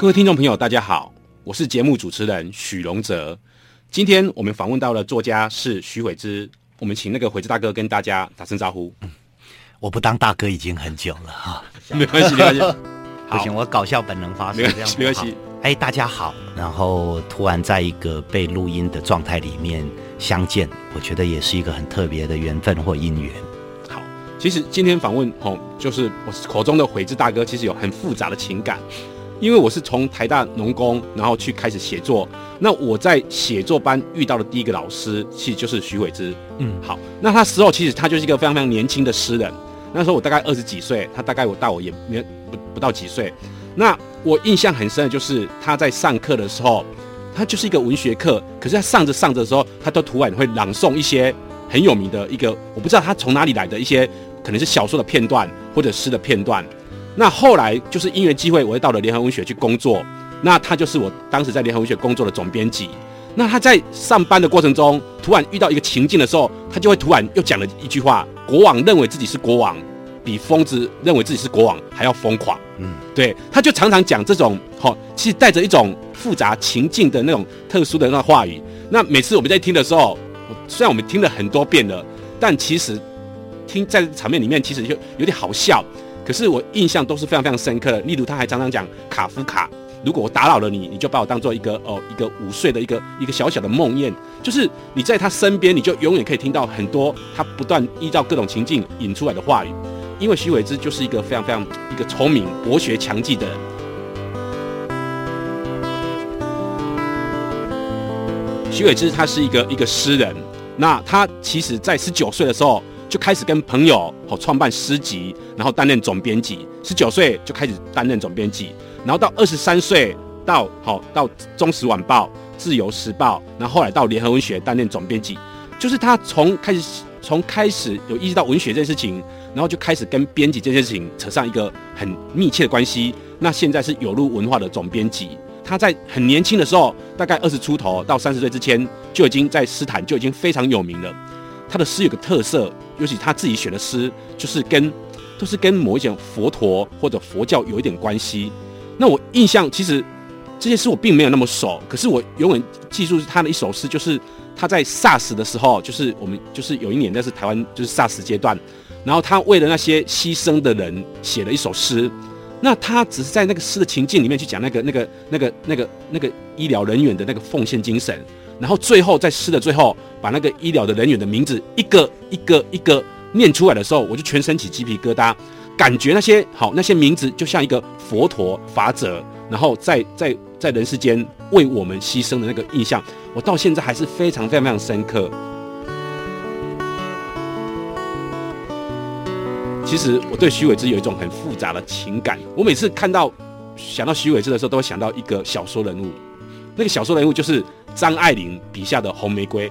各位聽眾朋友，大家好，我是節目主持人許榮哲。今天我們訪問到了作家是許悔之，我們請那個悔之大哥跟大家打聲招呼、嗯。我不當大哥已經很久了哈、啊， 沒關係，沒關係。不行，我搞笑本能發生，沒關係。哎，大家好，然後突然在一個被錄音的狀態裡面相見，我覺得也是一個很特別的緣分或姻緣。好，其實今天訪問哦，就是我口中的悔之大哥，其實有很複雜的情感。因為我是從台大農工，然後去開始寫作。那我在寫作班遇到的第一個老師，其實就是許悔之。嗯，好。那他時候其實他就是一個非常非常年輕的詩人。那時候我大概二十幾歲，他大概我大我也沒不不到幾歲。那我印象很深的就是他在上課的時候，他就是一個文學課，可是他上着上着的時候，他都突然會朗誦一些很有名的一個，我不知道他從哪裡來的一些可能是小說的片段或者詩的片段。那後來就是因緣機會，我又到了聯合文學去工作。那他就是我當時在聯合文學工作的總編輯。那他在上班的過程中，突然遇到一個情境的時候，他就會突然又講了一句話：“國王認為自己是國王，比瘋子認為自己是國王還要瘋狂。”嗯，對，他就常常講這種，吼、哦，其實帶着一種複雜情境的那種特殊的那話語。那每次我們在聽的時候，雖然我們聽了很多遍了，但其實聽在場面裡面，其實就有點好笑。可是我印象都是非常非常深刻的，例如他還常常講卡夫卡。如果我打擾了你，你就把我當做一個哦、呃、一個午睡的一個一個小小的夢魘。就是你在他身邊，你就永遠可以聽到很多他不斷依照各種情境引出來的話語。因為許悔之就是一個非常非常一個聰明博學強記的人。許悔之，他是一個一個詩人。那他其實在十九歲的時候。就開始跟朋友好創辦詩集，然後擔任總編輯。十九歲就開始擔任總編輯，然後到二十三歲到好到到《中時晚報》《自由時報》，然後後來到《聯合文學》擔任總編輯。就是他從開始從開始有意識到文學這件事情，然後就開始跟編輯這件事情扯上一個很密切的關係。那現在是有鹿文化的總編輯。他在很年輕的時候，大概二十出頭到三十歲之前，就已經在詩壇就已經非常有名了。他的詩有個特色，尤其他自己選的詩，就是跟都是跟某一種佛陀或者佛教有一點關係。那我印象其實這些詩我並沒有那麼熟，可是我永遠記住他的一首詩，就是他在 SARS 的時候，就是我們就是有一年，那是台灣就是 SARS 階段，然後他為了那些犧牲的人寫了一首詩。那他只是在那個詩的情境裡面去講那個那個那個那個那個醫療人員的那個奉獻精神。然後最後在詩的最後，把那個醫療的人員的名字一個一個一個念出來的時候，我就全身起雞皮疙瘩，感覺那些好那些名字就像一個佛陀法者，然後在在在人世間為我們犧牲的那個印象，我到現在還是非常非常非常深刻。其實我對許悔之有一種很複雜的情感，我每次看到想到許悔之的時候，都會想到一個小說人物。那個小說人物就是張愛玲筆下的紅玫瑰，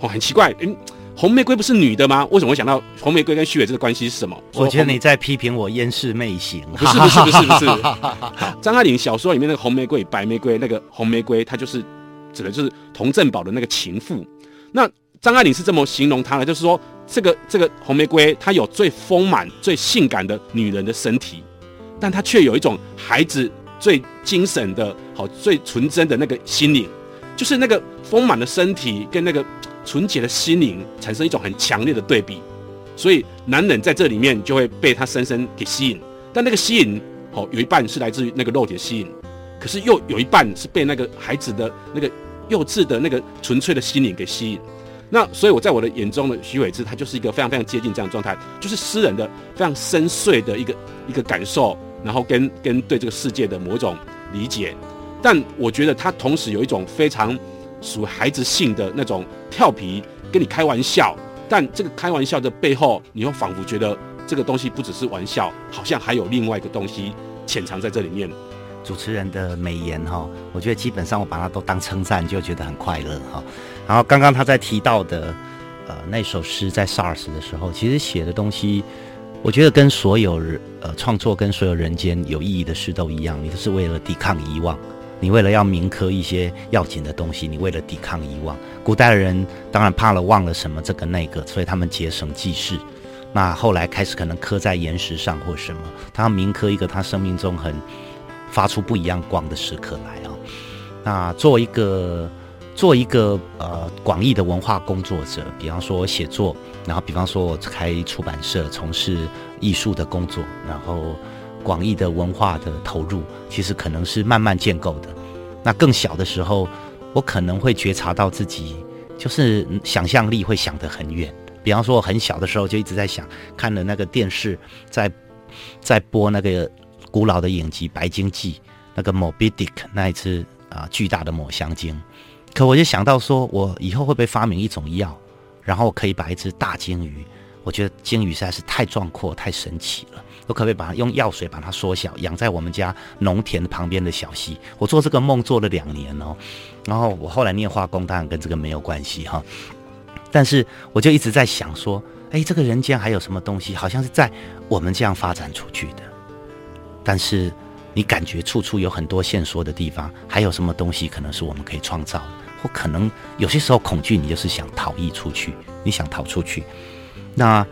哦，很奇怪，嗯，紅玫瑰不是女的嗎？為什麼我想到紅玫瑰跟許悔之的關係是什麼？我覺得你在批評我煙視媚行，哦 不是，不是不是不是不是。張愛玲小說裡面那個紅玫瑰、白玫瑰，那個紅玫瑰，她就是指的就是佟振保的那個情婦。那張愛玲是這麼形容她的，就是說這個這個紅玫瑰，她有最豐滿、最性感的女人的身體，但她卻有一種孩子最。精神的好，最純真的那個心靈，就是那個豐滿的身體跟那個純潔的心靈產生一種很強烈的對比，所以男人在這裡面就會被他深深給吸引。但那個吸引哦，有一半是來自於那個肉體的吸引，可是又有一半是被那個孩子的那個幼稚的那個純粹的心靈給吸引。那所以我在我的眼中的許悔之，他就是一個非常非常接近這樣的狀態，就是詩人的非常深邃的一個一個感受，然後跟跟對這個世界的某種。理解，但我覺得他同時有一種非常屬於孩子性的那種調皮，跟你開玩笑。但這個開玩笑的背後，你又仿佛覺得這個東西不只是玩笑，好像還有另外一個東西潛藏在這裡面。主持人的美言哈，我覺得基本上我把它都當稱讚，就覺得很快樂哈。然後剛剛他在提到的呃那首詩，在 SARS 的時候，其實寫的東西，我覺得跟所有人。創作跟所有人間有意義的事都一樣，你都是為了抵抗遺忘，你為了要銘刻一些要緊的東西，你為了抵抗遺忘。古代的人當然怕了忘了什麼這個那個，所以他們結繩記事。那後來開始可能刻在岩石上或什麼，他要銘刻一個他生命中很發出不一樣光的時刻來啊、哦。那作為一個。做一個呃廣義的文化工作者，比方說寫作，然後比方說我開出版社，從事藝術的工作，然後廣義的文化的投入，其實可能是慢慢建構的。那更小的時候，我可能會覺察到自己就是想象力會想得很遠。比方說我很小的時候就一直在想，看了那個電視在在播那個古老的影集《白鯨記》，那個莫比迪克那一隻啊、呃、巨大的抹香鯨。可我就想到說，我以後會不會發明一種藥，然後我可以把一隻大鯨魚，我覺得鯨魚實在是太壯闊、太神奇了。我可不可以把它用藥水把它縮小，養在我們家農田旁邊的小溪？我做這個夢做了兩年哦，然後我後來念化工，當然跟這個沒有關係哈。但是我就一直在想說，哎，這個人間還有什麼東西，好像是在我們這樣發展出去的？但是你感覺處處有很多線索的地方，還有什麼東西可能是我們可以創造的？我可能有些時候恐懼，你就是想逃逸出去，你想逃出去。那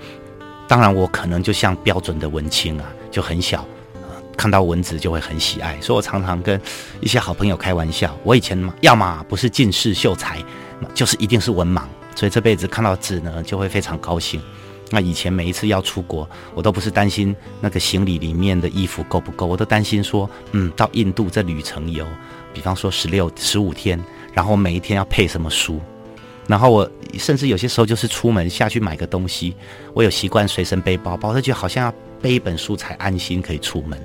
當然，我可能就像標準的文青啊，就很小，呃，看到文字就會很喜愛。所以我常常跟一些好朋友開玩笑，我以前嘛，要麼不是進士秀才，就是一定是文盲，所以這輩子看到紙呢就會非常高興。那以前每一次要出國，我都不是擔心那個行李裡面的衣服夠不夠，我都擔心說，嗯，到印度這旅程有，比方說十六十五天。然後每一天要配什麼書，然後我甚至有些時候就是出門下去買個東西，我有習慣隨身背包包，他就覺得好像要背一本書才安心可以出門，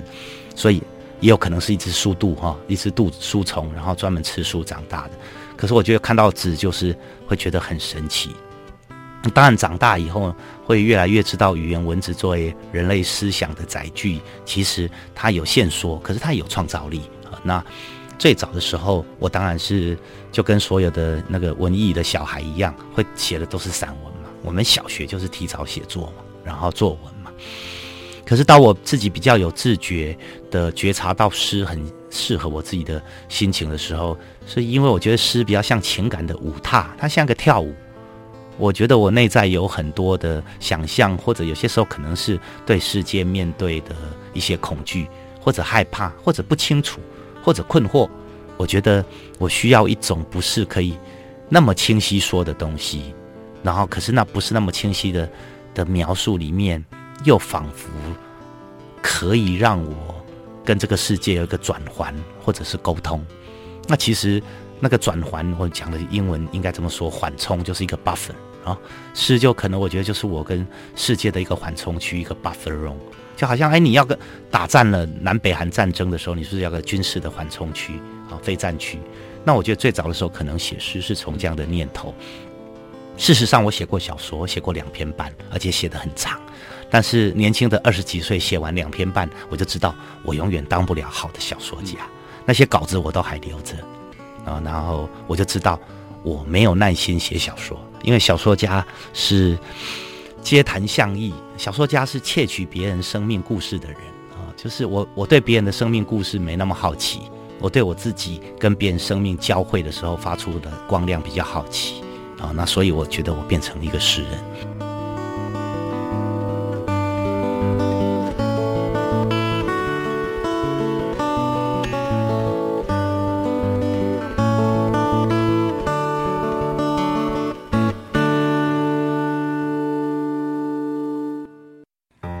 所以也有可能是一隻書蠹，哈，一隻肚子書蟲，然後專門吃書長大的。可是我覺得看到紙就是會覺得很神奇，當然長大以後會越來越知道語言文字作為人類思想的載具，其實它有限縮，可是它也有創造力啊那。最早的時候，我當然是就跟所有的那個文藝的小孩一樣，會寫的都是散文嘛。我們小學就是提早寫作嘛，然後作文嘛。可是當我自己比較有自覺地覺察到詩很適合我自己的心情的時候，是因為我覺得詩比較像情感的舞踏，它像個跳舞。我覺得我內在有很多的想象，或者有些時候可能是對世界面對的一些恐懼或者害怕或者不清楚。或者困惑，我覺得我需要一種不是可以那麼清晰說的東西，然後可是那不是那麼清晰的的描述裡面，又仿佛可以讓我跟這個世界有一個轉圜，或者是溝通。那其實那個轉圜，我講的英文應該怎麼說？緩衝就是一個 buffer 啊，詩就可能我覺得就是我跟世界的一個緩衝區，一個 buffer room。就好像哎，你要個打戰了，南北韓戰爭的時候，你是不是要個軍事的緩衝區啊，非戰區。那我覺得最早的時候，可能寫詩是從這樣的念頭。事實上，我寫過小說，寫過兩篇半，而且寫得很長。但是年輕的二十幾歲寫完兩篇半，我就知道我永遠當不了好的小說家。那些稿子我都還留着啊、哦，然後我就知道我沒有耐心寫小說，因為小說家是。街談巷議，小說家是竊取別人生命故事的人啊！就是我，我對別人的生命故事沒那麼好奇，我對我自己跟別人生命交匯的時候發出的光亮比較好奇啊！那所以我覺得我變成了一個詩人。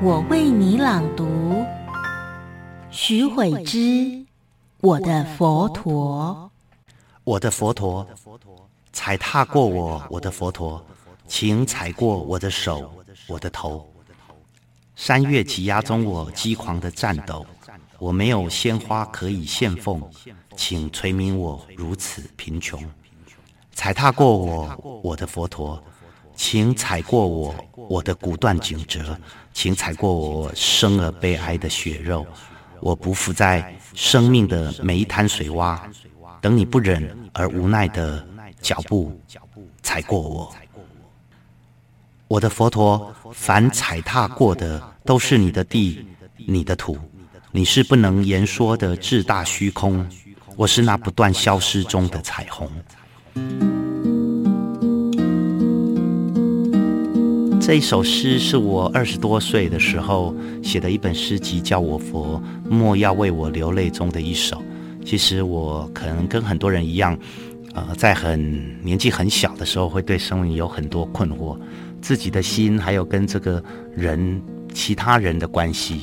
我為你朗讀，許悔之，《我的佛陀》。我的佛陀，踩踏過我，我的佛陀，請踩過我的手，我的頭。山岳擠壓中我激狂的戰鬥，我沒有鮮花可以獻奉，請垂憫我如此貧窮。踩踏過我，我的佛陀，請踩過我，我的骨斷頸折。請踩過我生而悲哀的血肉，我匍匐在生命的每一灘水窪，等你不忍而無奈的腳步踩過我。我的佛陀，凡踩踏過的都是你的地，你的土，你是不能言說的至大虛空，我是那不斷消失中的彩虹。這一首詩是我二十多歲的時候寫的一本詩集，叫《我佛莫要為我流淚》中的一首。其實我可能跟很多人一樣，呃，在很年紀很小的時候，會對生命有很多困惑，自己的心，還有跟這個人、其他人的關係，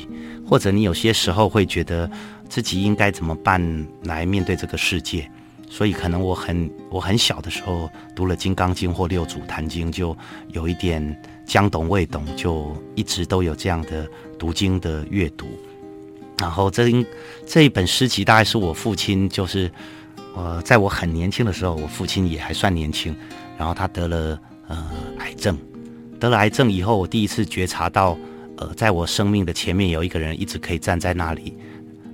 或者你有些時候會覺得自己應該怎麼辦來面對這個世界。所以，可能我很我很小的時候讀了《金剛經》或《六祖壇經》，就有一點。將懂未懂，就一直都有這樣的讀經的閱讀。然後這這一本詩集，大概是我父親，就是呃，在我很年輕的時候，我父親也還算年輕。然後他得了呃癌症，得了癌症以後，我第一次覺察到，呃，在我生命的前面有一個人一直可以站在那裡，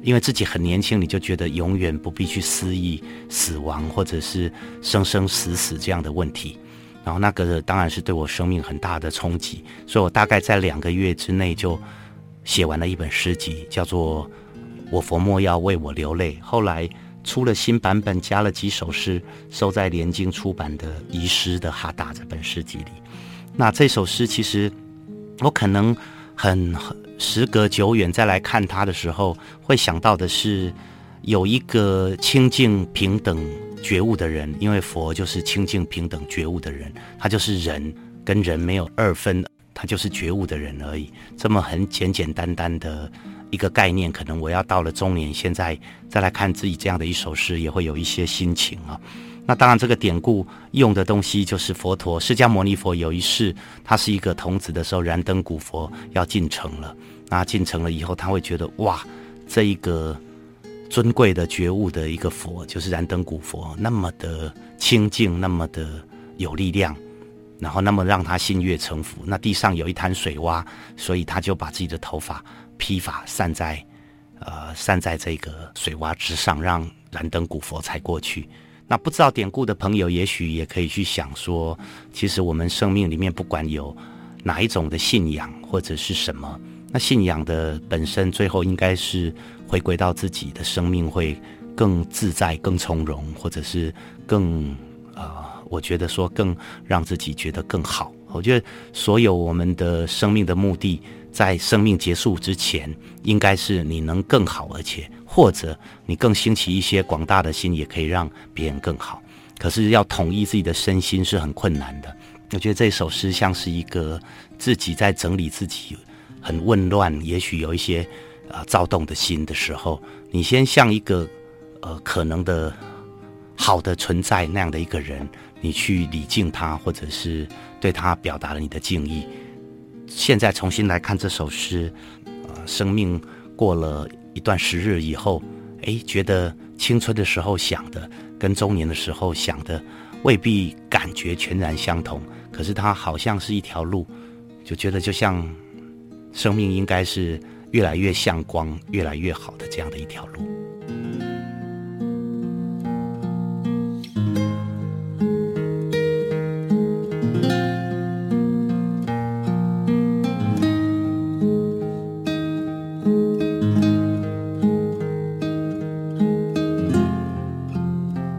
因為自己很年輕，你就覺得永遠不必去思議死亡或者是生生死死這樣的問題。然後那個當然是對我生命很大的衝擊，所以我大概在兩個月之內就寫完了一本詩集，叫做《我佛莫要為我流淚》。後來出了新版本，加了幾首詩，收在聯經出版的《遺失的哈達》這本詩集裡。那這首詩其實我可能很時隔久遠再來看它的時候，會想到的是有一個清淨平等，覺悟的人，因為佛就是清淨平等覺悟的人，他就是人跟人沒有二分，他就是覺悟的人而已。這麼很簡簡單單的一個概念，可能我要到了中年，現在再來看自己這樣的一首詩，也會有一些心情啊。那當然，這個典故用的東西就是佛陀釋迦牟尼佛，有一世他是一個童子的時候，燃燈古佛要進城了，那進城了以後，他會覺得哇，這一個。尊貴的覺悟的一個佛，就是燃燈古佛，那麼的清淨，那麼的有力量，然後那麼讓他心悅誠服。那地上有一灘水窪，所以他就把自己的頭髮披髮散在，呃，散在這個水窪之上，讓燃燈古佛踩過去。那不知道典故的朋友，也許也可以去想說，其實我們生命裡面不管有哪一種的信仰或者是什麼，那信仰的本身最後應該是。回歸到自己的生命，會更自在、更從容，或者是更……呃，我覺得說更讓自己覺得更好。我覺得所有我們的生命的目的，在生命結束之前，應該是你能更好，而且或者你更興起一些廣大的心，也可以讓別人更好。可是要統一自己的身心是很困難的。我覺得這首詩像是一個自己在整理自己，很混亂，也許有一些。啊，躁動的心的時候，你先像一個呃可能的好的存在那樣的一個人，你去禮敬他，或者是對他表達了你的敬意。現在重新來看這首詩，啊、呃，生命過了一段時日以後，哎，覺得青春的時候想的跟中年的時候想的未必感覺全然相同，可是它好像是一條路，就覺得就像生命應該是。越來越像光，越來越好的這樣的一條路。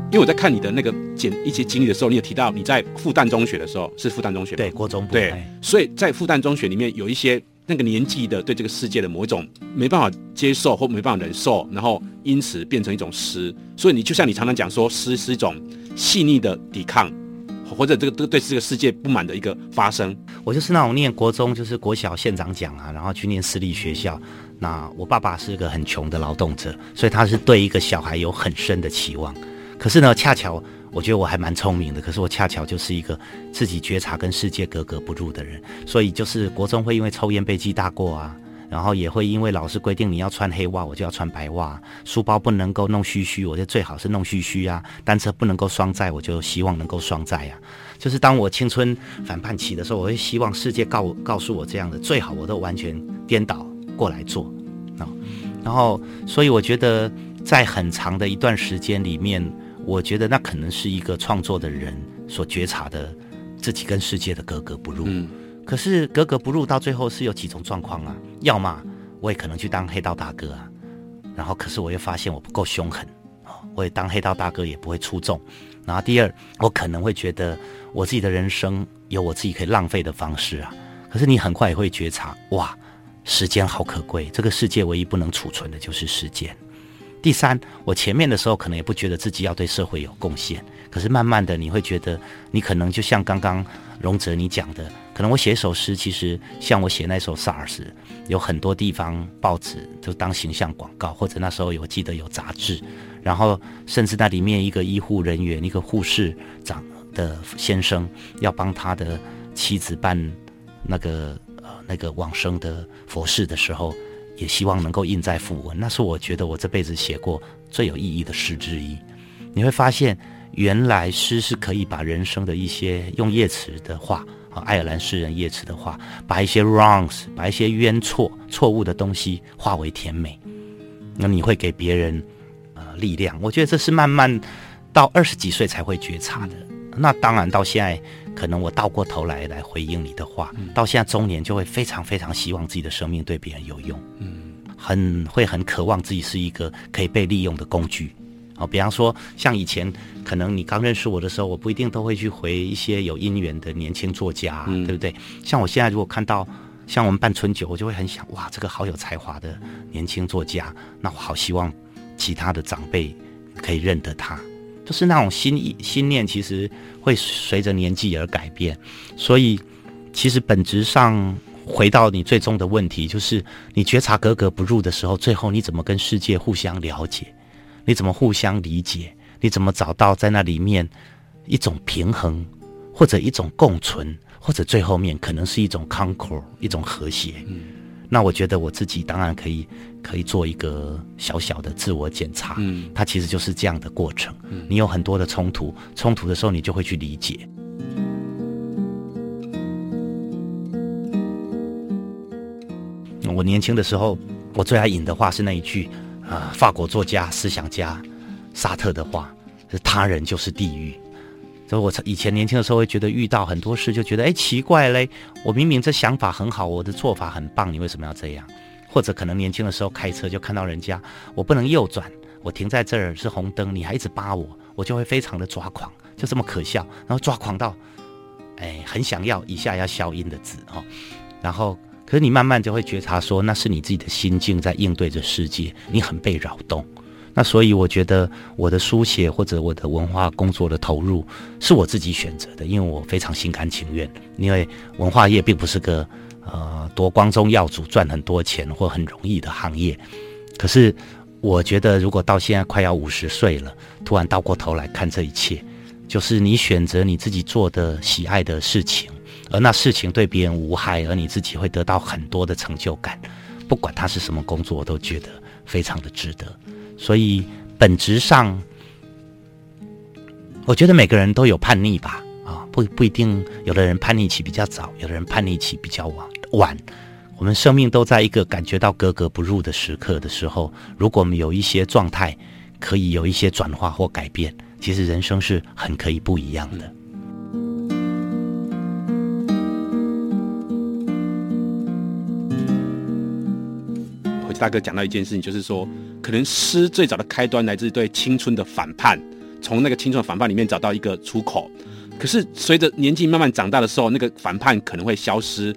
因為我在看你的那個簡一些經歷的時候，你有提到你在復旦中學的時候是復旦中學對國中對、哎，所以在復旦中學裡面有一些。那個年紀的對這個世界的某一種沒辦法接受或沒辦法忍受，然後因此變成一種詩。所以你就像你常常講說，詩是一種細膩的抵抗，或者這個這個對這個世界不滿的一個發聲。我就是那種念國中就是國小縣長獎啊，然後去念私立學校。那我爸爸是一個很窮的勞動者，所以他是對一個小孩有很深的期望。可是呢，恰巧，我覺得我還蠻聰明的，可是我恰巧就是一個自己覺察跟世界格格不入的人，所以就是國中會因為抽煙被記大過啊，然後也會因為老師規定你要穿黑襪，我就要穿白襪；書包不能夠弄虛虛，我就最好是弄虛虛啊；單車不能夠雙載，我就希望能夠雙載啊。就是當我青春反叛期的時候，我會希望世界告告訴我這樣的最好，我都完全顛倒過來做啊。哦。然後，所以我覺得在很長的一段時間裡面。我覺得那可能是一個創作的人所覺察的，自己跟世界的格格不入。可是格格不入到最後是有幾種狀況啊？要麼我也可能去當黑道大哥啊，然後可是我又發現我不夠兇狠，我也當黑道大哥也不會出眾。然後第二，我可能會覺得我自己的人生有我自己可以浪費的方式啊。可是你很快也會覺察，哇，時間好可貴，這個世界唯一不能儲存的就是時間。第三，我前面的時候可能也不覺得自己要對社會有貢獻，可是慢慢的你會覺得，你可能就像剛剛榮哲你講的，可能我寫一首詩，其實像我寫那首 SARS，有很多地方報紙就當形象廣告，或者那時候有我記得有雜誌，然後甚至那裡面一個醫護人員，一個護士長的先生要幫他的妻子辦那個呃那個往生的佛事的時候。也希望能夠印在符文，那是我覺得我這輩子寫過最有意義的詩之一。你會發現，原來詩是可以把人生的一些用葉慈的話、啊，愛爾蘭詩人葉慈的話，把一些 wrongs，把一些冤錯錯誤的東西化為甜美。那你會給別人呃力量，我覺得這是慢慢到二十幾歲才會覺察的。那當然到現在。可能我倒過頭來來回應你的話，嗯，到現在中年就會非常非常希望自己的生命對別人有用，嗯，很會很渴望自己是一個可以被利用的工具，啊，哦，比方說像以前可能你剛認識我的時候，我不一定都會去回一些有姻緣的年輕作家啊，嗯，對不對？像我現在如果看到像我們辦春酒，我就會很想，哇，這個好有才華的年輕作家，那我好希望其他的長輩可以認得他。就是那種心意心念，其實會隨着年紀而改變，所以其實本質上回到你最終的問題，就是你覺察格格不入的時候，最後你怎麼跟世界互相了解？你怎麼互相理解？你怎麼找到在那裡面一種平衡，或者一種共存，或者最後面可能是一種 concord，一種和諧？嗯，那我覺得我自己當然可以。可以做一個小小的自我檢查，嗯，它其實就是這樣的過程。你有很多的衝突，衝突的時候你就會去理解。嗯，我年輕的時候，我最愛引的話是那一句，啊，呃，法國作家、思想家沙特的話：是他人就是地獄。所以我以前年輕的時候會覺得，遇到很多事就覺得，哎，奇怪嘞，我明明這想法很好，我的做法很棒，你為什麼要這樣？或者可能年輕的時候開車就看到人家，我不能右轉，我停在這兒是紅燈，你還一直扒我，我就會非常的抓狂，就這麼可笑，然後抓狂到，哎，很想要一下要消音的字哈、哦，然後可是你慢慢就會覺察說，那是你自己的心境在應對着世界，你很被擾動。那所以我覺得我的書寫或者我的文化工作的投入是我自己選擇的，因為我非常心甘情願，因為文化業並不是個。呃，奪光宗耀祖賺很多錢或很容易的行業，可是我覺得，如果到現在快要五十歲了，突然倒過頭來看這一切，就是你選擇你自己做的喜愛的事情，而那事情對別人無害，而你自己會得到很多的成就感。不管他是什麼工作，我都覺得非常的值得。所以本質上，我覺得每個人都有叛逆吧，啊、哦，不不一定，有的人叛逆期比較早，有的人叛逆期比較晚，晚，我們生命都在一個感覺到格格不入的時刻的時候，如果我們有一些狀態，可以有一些轉化或改變，其實人生是很可以不一樣的。回去大哥講到一件事情，就是說，可能詩最早的開端來自對青春的反叛，從那個青春的反叛裡面找到一個出口。可是隨着年紀慢慢長大的時候，那個反叛可能會消失。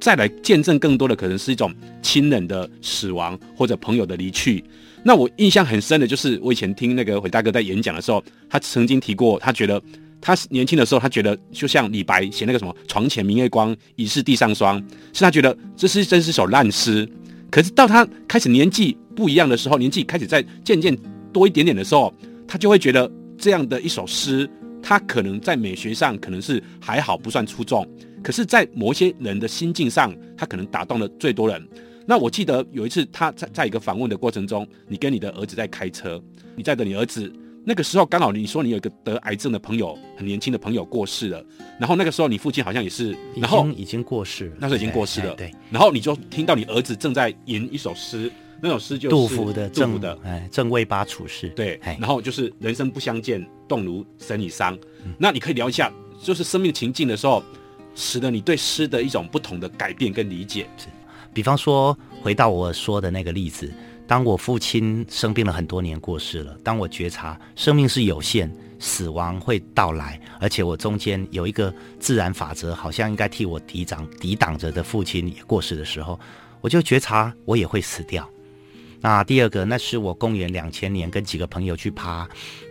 再來見證更多的可能是一種親人的死亡，或者朋友的離去。那我印象很深的就是，我以前聽那個悔大哥在演講的時候，他曾經提過，他覺得他年輕的時候，他覺得就像李白寫那個什麼“床前明月光，疑是地上霜”，是他覺得這是真是一首爛詩。可是到他開始年紀不一樣的時候，年紀開始在漸漸多一點點的時候，他就會覺得這樣的一首詩，他可能在美學上可能是還好，不算出眾。可是，在某一些人的心境上，他可能打動了最多人。那我記得有一次，他在在一個訪問的過程中，你跟你的兒子在開車，你在等你兒子。那個時候剛好你說你有一個得癌症的朋友，很年輕的朋友過世了。然後那個時候你父親好像也是，已經已經過世了，那時候已經過世了。對，然後你就聽到你兒子正在吟一首詩，那首詩就是杜甫的《杜甫的哎正,贈衛八處士。對，然後就是“人生不相見，動如參與商”嗯。那你可以聊一下，就是生命情境的時候。使得你對詩的一種不同的改變跟理解，比方說回到我說的那個例子，當我父親生病了很多年過世了，當我覺察生命是有限，死亡會到來，而且我中間有一個自然法則，好像應該替我抵擋抵擋着的父親也過世的時候，我就覺察我也會死掉。那第二個，那是我公元兩千年跟幾個朋友去爬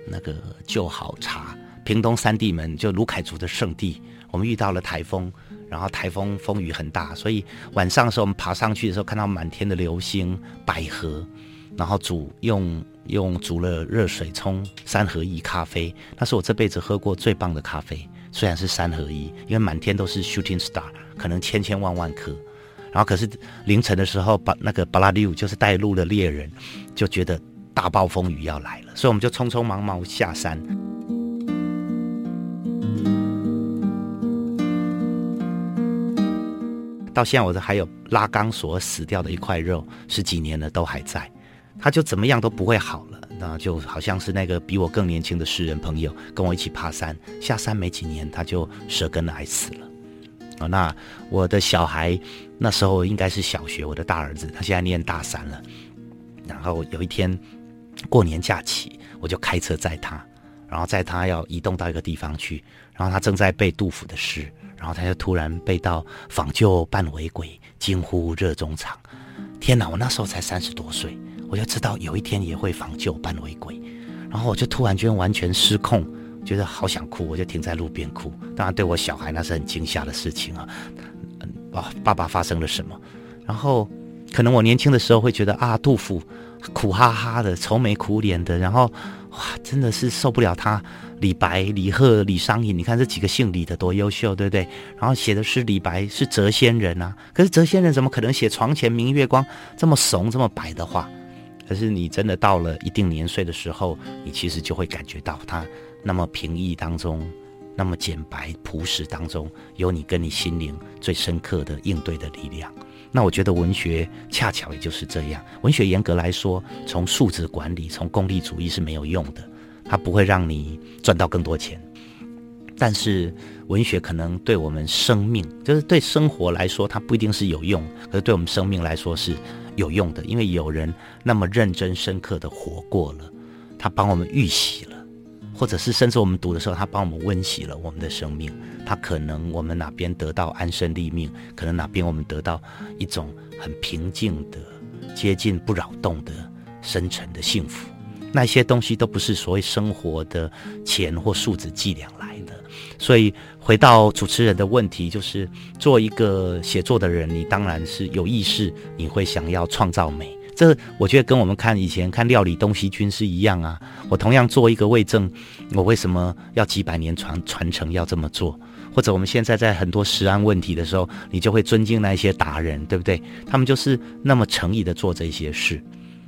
那個舊好茶，屏東三地門，就魯凱族的聖地。我們遇到了台風，然後台風風雨很大，所以晚上的時候我們爬上去的時候看到滿天的流星、百合，然後煮用用煮了熱水沖三合一咖啡，那是我這輩子喝過最棒的咖啡，雖然是三合一，因為滿天都是 shooting star，可能千千萬萬顆，然後可是凌晨的時候，把那個巴拉利烏就是帶路的獵人，就覺得大暴風雨要來了，所以我們就匆匆忙忙下山。到現在，我的還有拉鋼索死掉的一塊肉，十幾年了都還在，他就怎麼樣都不會好了。那就好像是那個比我更年輕的詩人朋友，跟我一起爬山，下山沒幾年他就舌根癌死了。哦，那我的小孩那時候應該是小學，我的大兒子，他現在念大三了。然後有一天過年假期，我就開車載他，然後載他要移動到一個地方去，然後他正在背杜甫的詩。然後他就突然背到訪舊半為鬼，驚呼熱中腸。天哪！我那時候才三十多歲，我就知道有一天也會訪舊半為鬼。然後我就突然間完全失控，覺得好想哭，我就停在路邊哭。當然，對我小孩那是很驚嚇的事情啊。嗯，哇、啊，爸爸發生了什麼？然後，可能我年輕的時候會覺得啊，杜甫苦哈哈的，愁眉苦臉的，然後。哇，真的是受不了他！李白、李賀、李商隱，你看這幾個姓李的多優秀，對不對？然後寫的是李白是謫仙人啊，可是謫仙人怎麼可能寫“床前明月光”這麼慫、這麼白的話？可是你真的到了一定年歲的時候，你其實就會感覺到他那麼平易當中，那麼簡白樸實當中，有你跟你心靈最深刻的應對的力量。那我覺得文學恰巧也就是這樣。文學嚴格來說，從數字管理、從功利主義是沒有用的，它不會讓你賺到更多錢。但是文學可能對我們生命，就是對生活來說，它不一定是有用，可是對我們生命來說是有用的，因為有人那麼認真深刻的活過了，他幫我們預習了。或者是甚至我們讀的時候，他幫我們溫習了我們的生命。他可能我們哪邊得到安身立命，可能哪邊我們得到一種很平靜的、接近不擾動的深沉的幸福。那些東西都不是所謂生活的錢或數字計量來的。所以回到主持人的問題，就是做一個寫作的人，你當然是有意識，你會想要創造美。這我覺得跟我們看以前看料理東西軍是一樣啊。我同樣做一個味噌，我為什麼要幾百年傳傳承要這麼做？或者我們現在在很多食安問題的時候，你就會尊敬那些達人，對不對？他們就是那麼誠意的做這些事。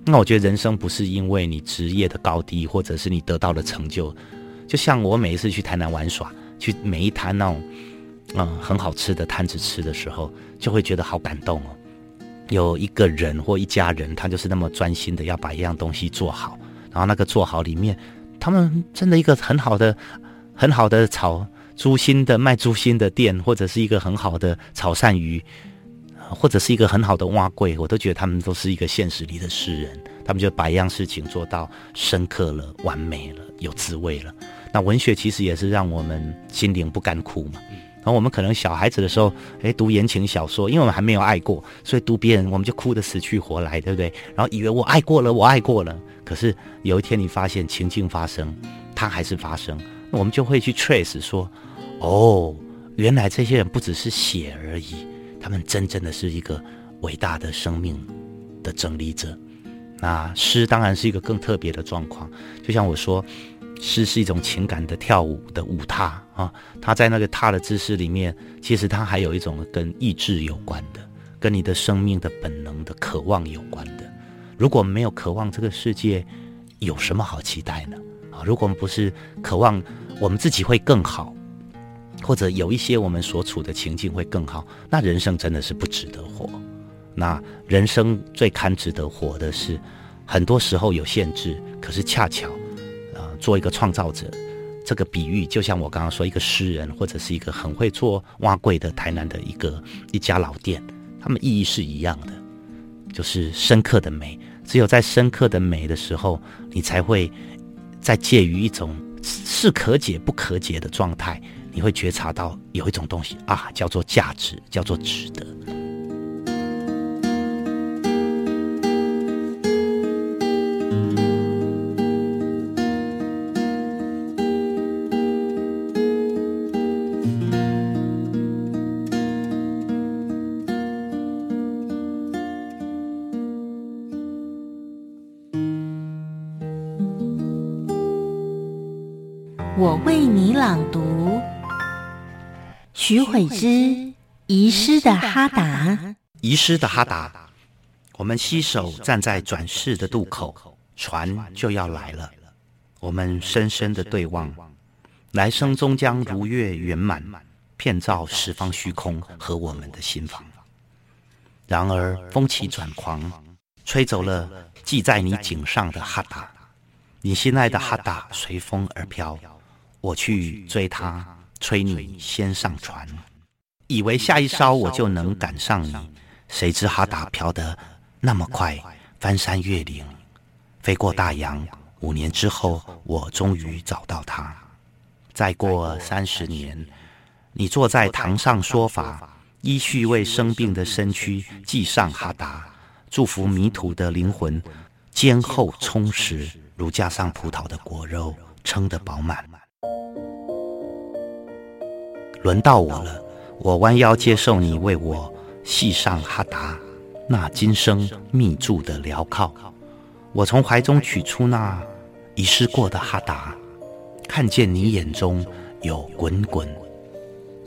那我覺得人生不是因為你職業的高低，或者是你得到的成就。就像我每一次去台南玩耍，去每一攤那種嗯、呃、很好吃的攤子吃的時候，就會覺得好感動哦。有一個人或一家人，他就是那麼專心的要把一樣東西做好，然後那個做好裡面，他們真的一個很好的、很好的炒豬心的賣豬心的店，或者是一個很好的炒鱔魚，或者是一個很好的碗粿，我都覺得他們都是一個現實裡的詩人，他們就把一樣事情做到深刻了、完美了、有滋味了。那文學其實也是讓我們心靈不乾枯嘛。然後我們可能小孩子的時候，誒，讀言情小說，因為我們還沒有愛過，所以讀別人我們就哭得死去活來，對不對？然後以為我愛過了，我愛過了。可是有一天你發現情境發生，它還是發生，那我們就會去 trace 說，哦，原來這些人不只是寫而已，他們真正的是一個偉大的生命的整理者。那詩當然是一個更特別的狀況，就像我說，詩是一種情感的跳舞的舞踏。他在那個踏的知識裡面，其實他還有一種跟意志有關的，跟你的生命的本能的渴望有關的。如果沒有渴望，這個世界有什麼好期待呢？啊，如果我們不是渴望我們自己會更好，或者有一些我們所處的情境會更好，那人生真的是不值得活。那人生最堪值得活的是，很多時候有限制，可是恰巧，啊、呃，做一個創造者。這個比喻，就像我剛剛說，一個詩人或者是一個很會做挖櫃的台南的一個一家老店，它們意義是一樣的，就是深刻的美。只有在深刻的美的時候，你才會在介於一種是可解不可解的狀態，你會覺察到有一種東西啊，叫做價值，叫做值得。嗯許悔之，《遺失的哈達》。遺失的哈達，我們攜手站在轉世的渡口，船就要來了。我們深深的對望，來生終將如月圓滿，遍照十方虛空和我們的心房。然而，風起轉狂，吹走了繫在你頸上的哈達，你心愛的哈達隨風而飄。我去追他。催你先上船，以為下一艘我就能趕上你。誰知哈達飄得那麼快，翻山越嶺，飛過大洋。五年之後，我終於找到他。再過三十年，你坐在堂上說法，依序為生病的身軀繫上哈達，祝福迷途的靈魂，堅厚充實，如架上葡萄的果肉，撐得飽滿。輪到我了，我彎腰接受你為我繫上哈達，那今生密鑄的鐐銬。我從懷中取出那遺失過的哈達，看見你眼中有滾滾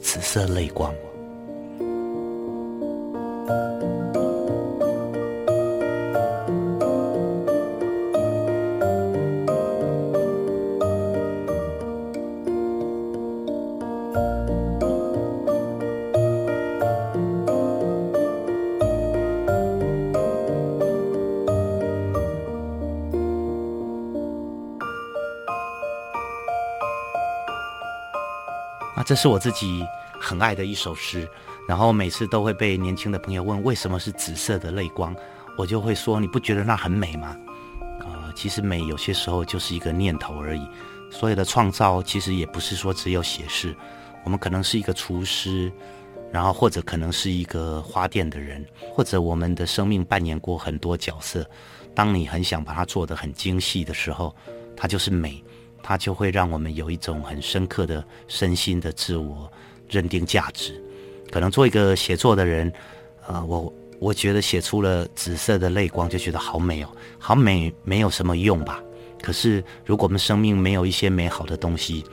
紫色淚光。這是我自己很愛的一首詩，然後每次都會被年輕的朋友問為什麼是紫色的淚光？我就會說，你不覺得那很美嗎？呃，其實美有些時候就是一個念頭而已，所有的創造其實也不是說只有寫詩，我們可能是一個廚師，然後或者可能是一個花店的人，或者我們的生命扮演過很多角色。當你很想把它做得很精細的時候，它就是美。它就會讓我們有一種很深刻的身心的自我認定價值。可能做一個寫作的人，呃，我我覺得寫出了紫色的淚光，就覺得好美哦，好美，沒有什麼用吧？可是如果我們生命沒有一些美好的東西，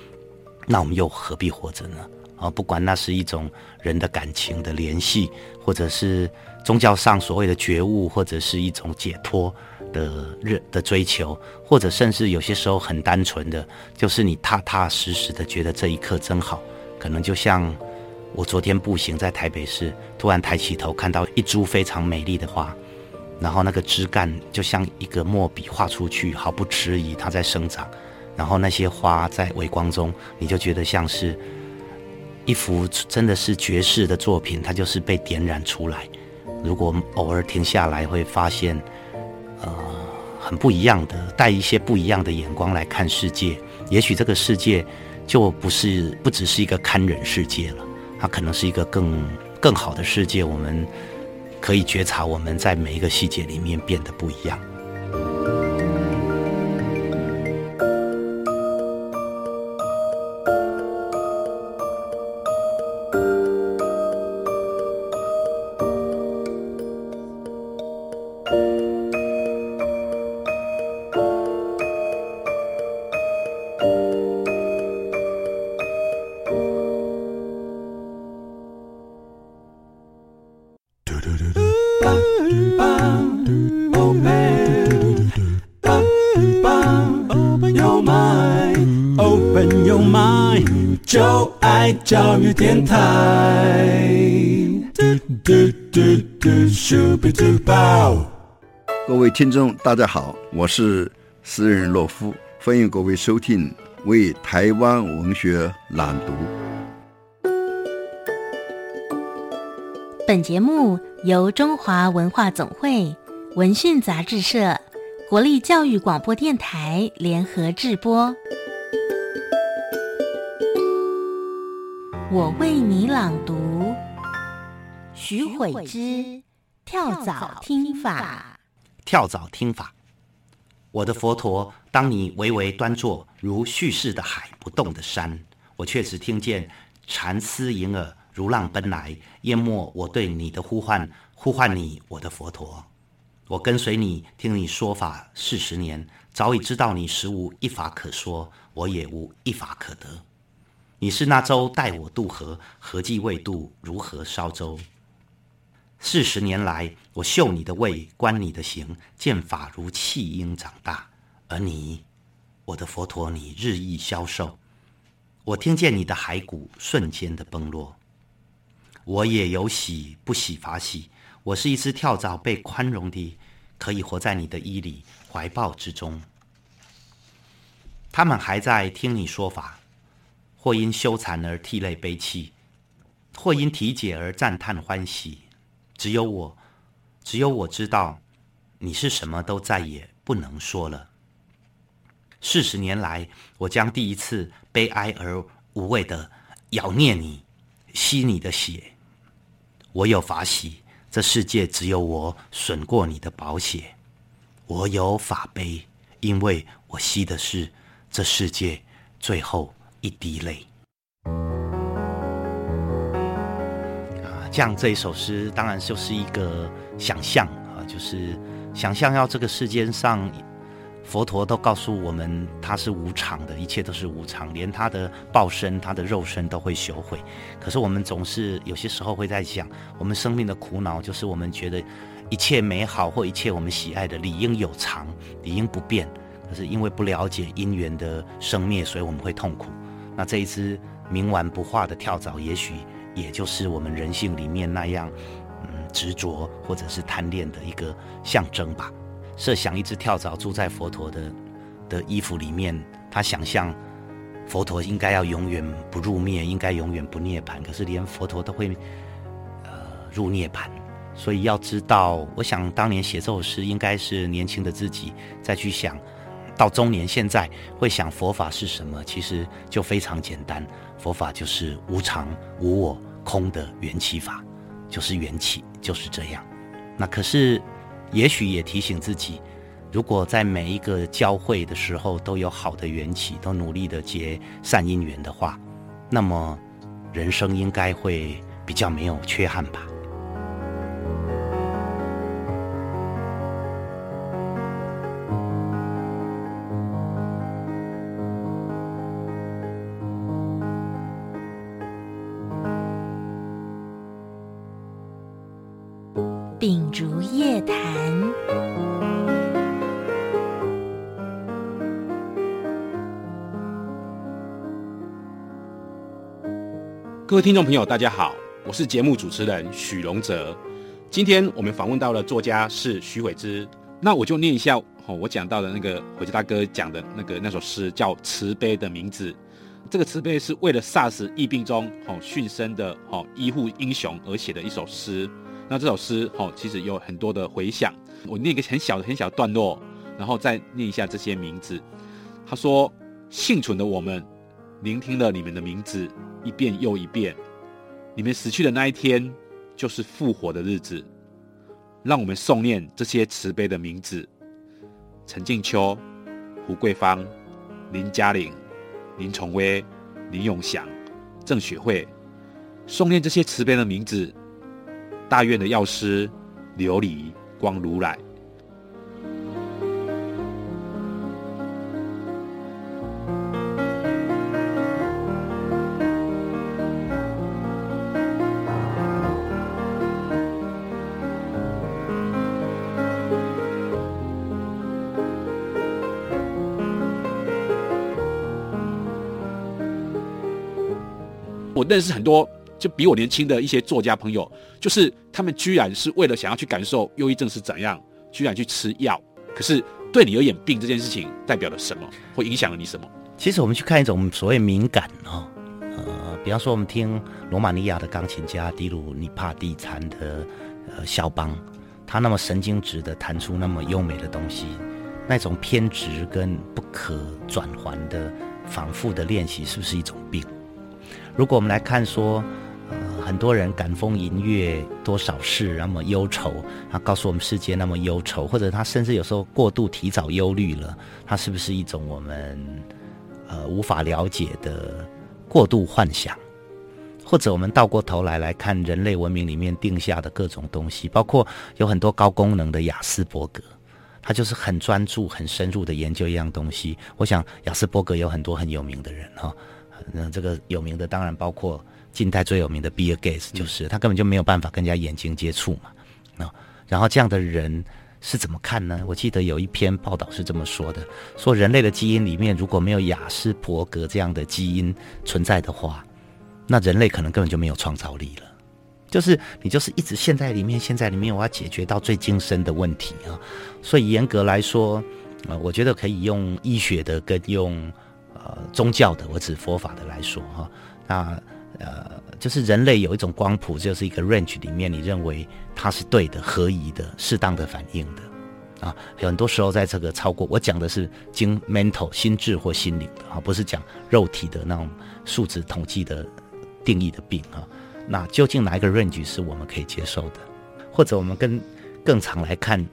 那我們又何必活着呢？啊、呃，不管那是一種人的感情的聯繫，或者是宗教上所謂的覺悟，或者是一種解脫。的熱的追求，或者甚至有些時候很單純的，就是你踏踏實實的覺得這一刻真好。可能就像我昨天步行在台北市，突然抬起頭看到一株非常美麗的花，然後那個枝幹就像一個墨筆畫出去，毫不遲疑，它在生長，然後那些花在微光中，你就覺得像是一幅真的是絕世的作品，它就是被點染出來。如果偶爾停下來，會發現。呃，很不一樣的，帶一些不一樣的眼光來看世界，也許這個世界就不是，不只是一個堪忍世界了，它可能是一個更更好的世界。我們可以覺察我們在每一個細節裡面變得不一樣。就愛教育電臺。各位聽眾，大家好，我是詩人洛夫，歡迎各位收聽《為臺灣文學朗讀》。本節目由中華文化總會、文訊雜誌社、國立教育廣播電臺聯合製播。我為你朗讀，許悔之《跳蚤聽法》。跳蚤聽法，我的佛陀，當你巍巍端坐如蓄勢的海，不動的山，我卻只聽見禪思盈耳如浪奔來，淹沒我對你的呼喚，呼喚你，我的佛陀。我跟隨你聽你說法四十年，早已知道你實無一法可說，我也無一法可得。你是那舟，帶我渡河，河既未渡，如何燒舟？四十年來，我嗅你的味，觀你的形，見法如棄嬰長大，而你，我的佛陀，你日益消瘦。我聽見你的骸骨瞬間的崩落。我也有喜不喜法喜，我是一隻跳蚤，被寬容的，可以活在你的衣裡懷抱之中。他們還在聽你說法。或因羞慚而涕淚悲泣，或因體解而讚嘆歡喜。只有我，只有我知道，你是什麼都再也不能說了。四十年來，我將第一次悲哀而無畏的咬齧你，吸你的血。我有法喜，這世界只有我損過你的寶血。我有法悲，因為我吸的是這世界最後。一滴淚啊！這樣這一首詩，當然就是一個想象啊，就是想象要這個世間上，佛陀都告訴我們，他是無常的，一切都是無常，連他的報身、他的肉身都會朽毀。可是我們總是有些時候會在想，我們生命的苦惱，就是我們覺得一切美好或一切我們喜愛的，理應有常，理應不變。可是因為不了解因緣的生滅，所以我們會痛苦。那這一隻冥頑不化的跳蚤，也許也就是我們人性裡面那樣，嗯，執着或者是貪戀的一個象徵吧。設想一隻跳蚤住在佛陀的的衣服裡面，他想象佛陀應該要永遠不入滅，應該永遠不涅槃。可是連佛陀都會，呃，入涅槃。所以要知道，我想當年寫這首詩，應該是年輕的自己再去想。到中年，現在會想佛法是什麼，其實就非常簡單，佛法就是無常、無我、空的緣起法，就是緣起，就是這樣。那可是，也許也提醒自己，如果在每一個交會的時候都有好的緣起，都努力的結善因緣的話，那麼人生應該會比較沒有缺憾吧。各位聽眾朋友，大家好，我是節目主持人許榮哲。今天我們訪問到的作家是許悔之，那我就念一下哦，我講到的那個悔之大哥講的那個那首詩，叫《慈悲的名字》。這個慈悲是為了 SARS 疫病中哦殉身的哦醫護英雄而寫的一首詩。那這首詩哦，其實有很多的回響。我念一個很小的很小的段落，然後再念一下這些名字。他說：“幸存的我們。”聆聽了你們的名字一遍又一遍，你們死去的那一天就是復活的日子。讓我們誦念這些慈悲的名字：陳靜秋、胡桂芳、林嘉玲、林崇威、林永祥、鄭雪慧。誦念這些慈悲的名字，大願的藥師琉璃光如來。認識很多就比我年輕的一些作家朋友，就是他們居然是為了想要去感受憂鬱症是怎樣，居然去吃藥。可是對你而言，病這件事情代表了什麼？會影響了你什麼？其實我們去看一種所謂敏感哦，呃，比方說我們聽羅馬尼亞的鋼琴家迪魯尼帕蒂彈的呃肖邦，他那麼神經質的彈出那麼優美的東西，那種偏執跟不可轉換的反覆的練習，是不是一種病？如果我們來看說，呃，很多人感風吟月多少事，那麼憂愁，他告訴我們世界那麼憂愁，或者他甚至有時候過度提早憂慮了，他是不是一種我們呃無法了解的過度幻想？或者我們倒過頭來來看人類文明裡面定下的各種東西，包括有很多高功能的亞斯伯格，他就是很專注、很深入的研究一樣東西。我想亞斯伯格有很多很有名的人哈。哦嗯，這個有名的當然包括近代最有名的比爾·蓋茨，就是他根本就沒有辦法跟人家眼睛接觸嘛。那然後這樣的人是怎麼看呢？我記得有一篇報道是這麼說的：說人類的基因裡面如果沒有亞斯伯格這樣的基因存在的話，那人類可能根本就沒有創造力了。就是你就是一直陷在裡面，陷在裡面，我要解決到最精深的問題啊。所以嚴格來說，啊，我覺得可以用醫學的跟用。呃，宗教的，我指佛法的來說哈，那呃，就是人類有一種光譜，就是一個 range 裡面，你認為它是對的、合宜的、適當的反應的啊。很多時候在這個超過，我講的是經 mental 心智或心靈的啊，不是講肉體的那種數值統計的定義的病哈，那究竟哪一個 range 是我們可以接受的？或者我們跟更常來看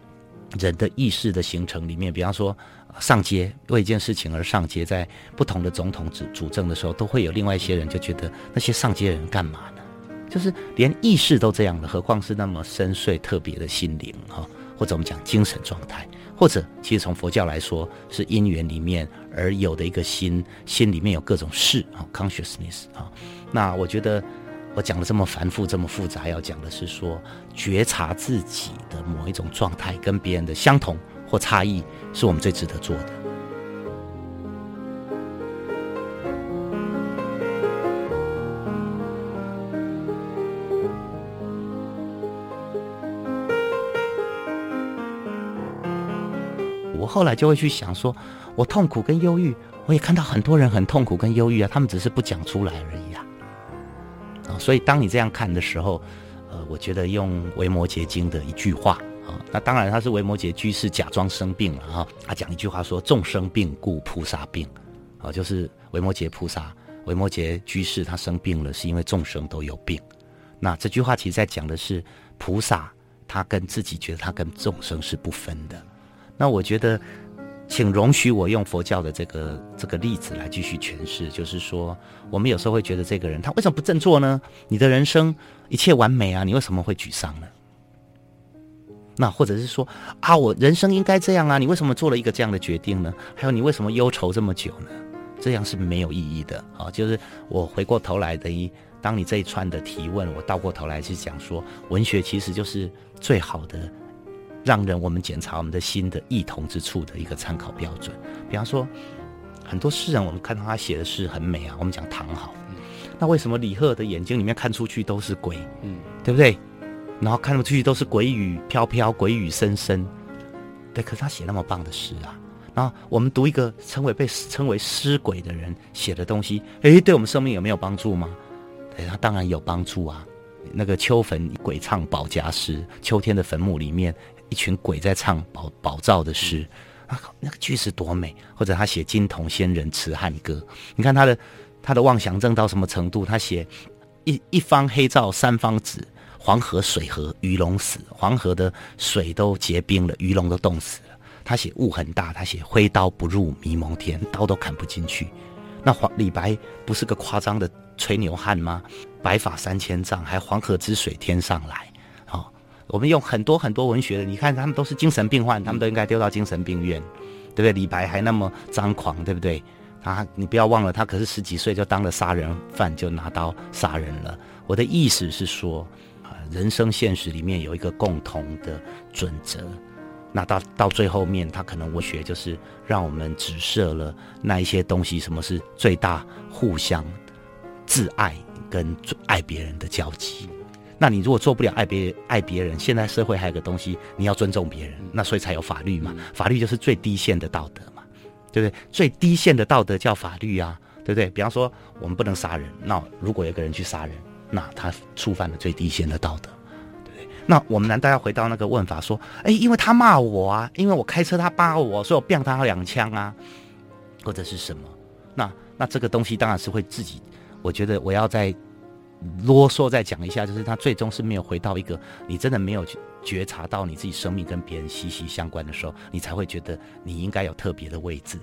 人的意識的形成裡面，比方說。上街為一件事情而上街，在不同的總統主主政的時候，都會有另外一些人就覺得那些上街的人幹嘛呢？就是連意識都這樣的，何況是那麼深邃特別的心靈啊，或者我們講精神狀態，或者其實從佛教來說是因緣裡面而有的一個心，心裡面有各種事啊，consciousness 啊。那我覺得我講的這麼繁複這麼複雜，要講的是說覺察自己的某一種狀態跟別人的相同。或差異是我們最值得做的。我後來就會去想說，我痛苦跟憂鬱，我也看到很多人很痛苦跟憂鬱啊，他們只是不講出來而已啊。所以當你這樣看的時候，呃，我覺得用《維摩詰經》的一句話。哦，那當然，他是維摩詰居士假裝生病了哈。他講一句話說：“眾生病故，菩薩病。”哦，啊，就是維摩詰菩薩，維摩詰居士他生病了，是因為眾生都有病。那這句話其實在講的是菩薩，他跟自己覺得他跟眾生是不分的。那我覺得，請容許我用佛教的這個這個例子來繼續詮釋，就是說，我們有時候會覺得這個人他為什麼不振作呢？你的人生一切完美啊，你為什麼會沮喪呢？那或者是說啊，我人生應該這樣啊。你為什麼做了一個這樣的決定呢？還有你為什麼憂愁這麼久呢？這樣是沒有意義的啊，哦！就是我回過頭來的一，等於當你這一串的提問，我倒過頭來去講說，文學其實就是最好的讓人我們檢查我們的心的異同之處的一個參考標準。比方說，很多詩人，我們看到他寫的詩很美啊，我們講唐好，那為什麼李賀的眼睛裡面看出去都是鬼？嗯，對不對？然後看他出去都是鬼雨飄飄，鬼雨深深。對，可是他寫那麼棒的詩啊！然後我們讀一個稱為被稱為“詩鬼”的人寫的東西，哎，對我們生命有沒有幫助嗎？誒他當然有幫助啊！那個秋墳鬼唱鮑家詩，秋天的墳墓裡面一群鬼在唱鮑鮑照的詩。啊，那個句子多美！或者他寫金銅仙人辭漢歌，你看他的他的妄想症到什麼程度？他寫一一方黑照三方紫，黃河水河魚龍死。黃河的水都結冰了，魚龍都凍死了。他寫霧很大，他寫揮刀不入迷蒙天，刀都砍不進去。那黃李白不是個誇張的吹牛漢嗎？白髮三千丈，還黃河之水天上來。哦，我們用很多很多文學的，你看他們都是精神病患，他們都應該丟到精神病院，對不對？李白還那麼張狂，對不對？他你不要忘了，他可是十幾歲就當了殺人犯，就拿刀殺人了。我的意思是說。人生現實裡面有一個共同的準則，那到到最後面，他可能文學就是讓我們指涉了那一些東西，什麼是最大互相自愛跟愛別人的交集。那你如果做不了愛別愛別人，現在社會還有個東西，你要尊重別人，那所以才有法律嘛，法律就是最低限的道德嘛，對不對？最低限的道德叫法律啊，對不對？比方說我們不能殺人，那如果有個人去殺人。那他觸犯了最低限的道德，對不對？那我們難道要回到那個問法說，哎，因為他罵我啊，因為我開車他扒我，所以我變他兩槍啊，或者是什麼？那那這個東西當然是會自己，我覺得我要再囉嗦再講一下，就是他最終是沒有回到一個你真的沒有覺察到你自己生命跟別人息息相關的時候，你才會覺得你應該有特別的位置。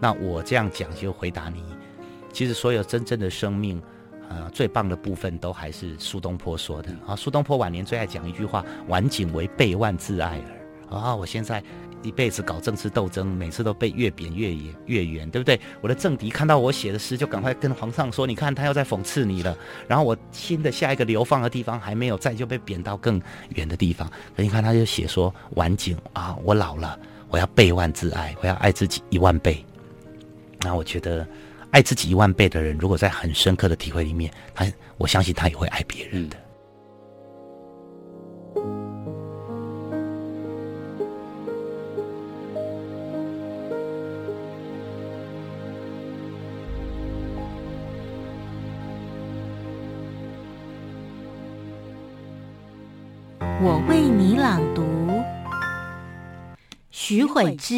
那我這樣講就回答你，其實所有真正的生命。呃，最棒的部分都還是蘇東坡說的啊。蘇東坡晚年最愛講一句話：“晚景為倍萬自愛。”而啊、哦，我現在一輩子搞政治鬥爭，每次都被越貶越遠，越遠，對不對？我的政敵看到我寫的詩，就趕快跟皇上說：“你看，他又在諷刺你了。”然後我新的下一個流放的地方還沒有在，就被貶到更遠的地方。可你看，他就寫說：“晚景啊，我老了，我要倍萬自愛，我要愛自己一萬倍。”啊，那我覺得。愛自己一萬倍的人，如果在很深刻的體會裡面，他我相信他也會愛別人的。嗯、我為你朗讀《許悔之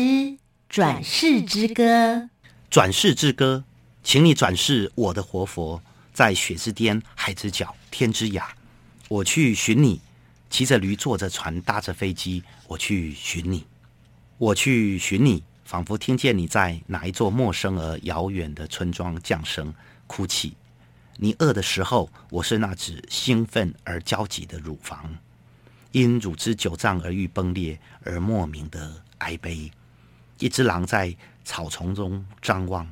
轉世之歌》，《轉世之歌》。請你轉世，我的活佛，在雪之巔、海之角、天之涯，我去尋你。騎着驢，坐着船，搭着飛機，我去尋你。我去尋你，仿佛聽見你在哪一座陌生而遙遠的村莊降生哭泣。你餓的時候，我是那隻興奮而焦急的乳房，因乳汁久脹而欲崩裂而莫名的哀悲。一隻狼在草叢中張望。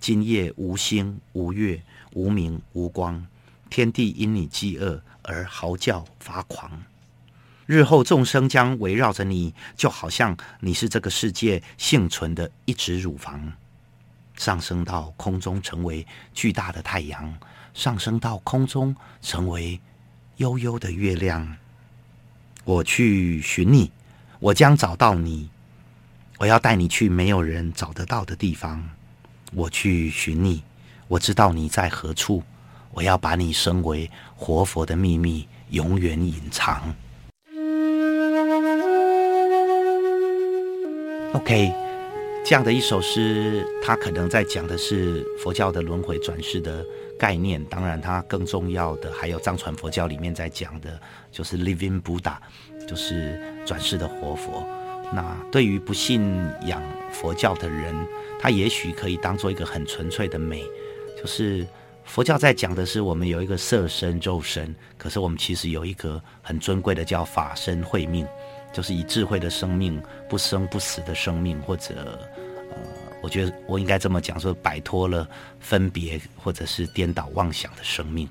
今夜無星無月無明無光，天地因你飢餓而嚎叫發狂。日後眾生將圍繞着你，就好像你是這個世界倖存的一隻乳房。上升到空中，成為巨大的太陽；上升到空中，成為悠悠的月亮。我去尋你，我將找到你。我要帶你去沒有人找得到的地方。我去尋你，我知道你在何處。我要把你身為活佛的秘密永遠隱藏。OK，這樣的一首詩，它可能在講的是佛教的輪回轉世的概念。當然，它更重要的還有藏傳佛教裡面在講的，就是 Living Buddha，就是轉世的活佛。那對於不信仰佛教的人，他也許可以當做一個很純粹的美，就是佛教在講的是我們有一個色身肉身，可是我們其實有一個很尊貴的叫法身慧命，就是以智慧的生命、不生不死的生命，或者呃，我覺得我應該這麼講，說擺脫了分別或者是顛倒妄想的生命。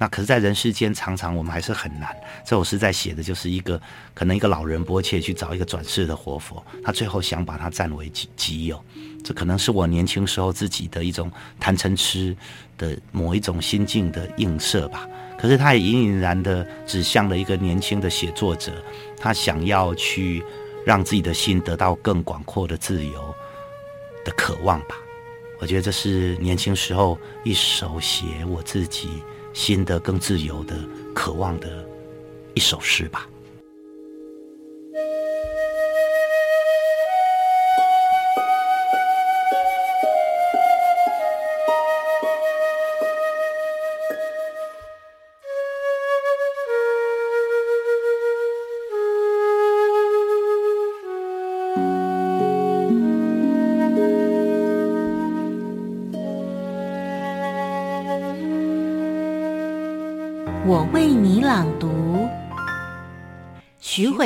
那可是，在人世間，常常我們還是很難。這首詩在寫的就是一個可能一個老人迫切去找一個轉世的活佛，他最後想把他佔為己有。這可能是我年輕時候自己的一種貪嗔痴的某一種心境的映射吧。可是，他也隱隱然地指向了一個年輕的寫作者，他想要去讓自己的心得到更廣闊的自由的渴望吧。我覺得這是年輕時候一首寫我自己新的、更自由的、渴望的一首詩吧。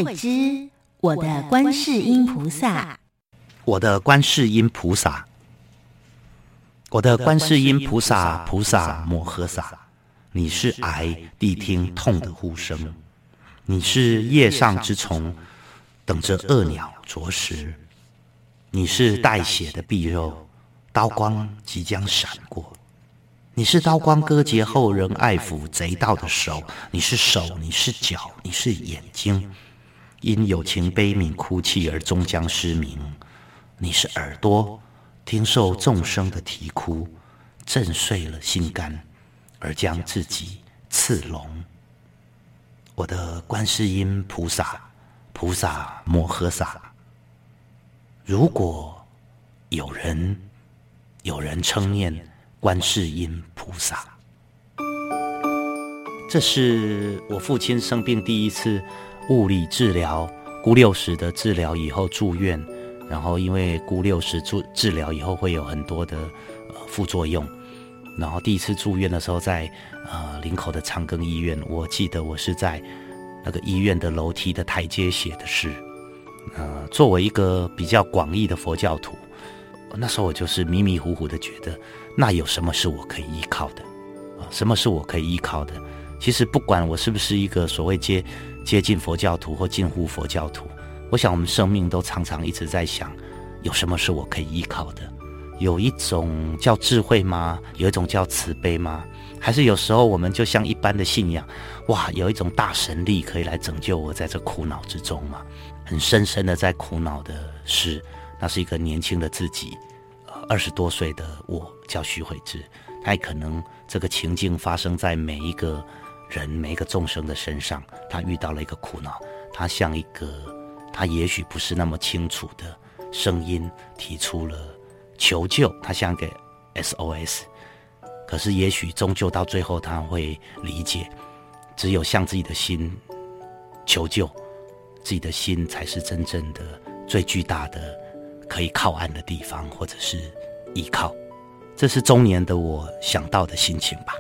未知，我的觀世音菩薩，我的觀世音菩薩，我的觀世音菩薩，菩薩摩訶薩，你是癌諦聽痛的呼聲，你是葉上之蟲，等着惡鳥啄食，你是帶血的臂肉，刀光即將閃過，你是刀光割截後仍愛撫賊盜的手，你是手，你是腳，你是眼睛。因友情悲憫哭泣而終將失明，你是耳朵聽受眾生的啼哭，震碎了心肝，而將自己刺聾。我的觀世音菩薩，菩薩摩訶薩。如果有人有人稱念觀世音菩薩，這是我父親生病第一次，物理治療，鈷六十的治療以後住院，然後因為鈷六十住治治療以後會有很多的、呃、副作用，然後第一次住院的時候在呃林口的長庚醫院，我記得我是在那個醫院的樓梯的台階寫的詩。呃，作為一個比較廣義的佛教徒，那時候我就是迷迷糊糊的覺得，那有什麼是我可以依靠的、呃？什麼是我可以依靠的？其實不管我是不是一個所謂接。接近佛教徒或近乎佛教徒，我想我們生命都常常一直在想，有什麼是我可以依靠的？有一種叫智慧嗎？有一種叫慈悲嗎？還是有時候我們就像一般的信仰，哇，有一種大神力可以來拯救我在這苦惱之中嗎？很深深的在苦惱的是，那是一個年輕的自己，二十多歲的我叫許悔之，他也可能這個情境發生在每一個。人每一個眾生的身上，他遇到了一個苦惱，他像一個，他也許不是那麼清楚的聲音提出了求救，他像個 SOS。可是也許終究到最後，他會理解，只有向自己的心求救，自己的心才是真正的最巨大的可以靠岸的地方，或者是依靠。這是中年的我想到的心情吧。